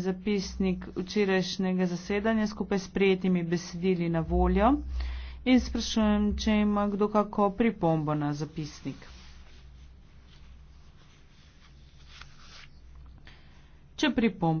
zapisnik včerajšnjega zasedanja skupaj s prijetimi besedili na voljo in sprašujem, če ima kdo kako pripombo na zapisnik. Če pripomb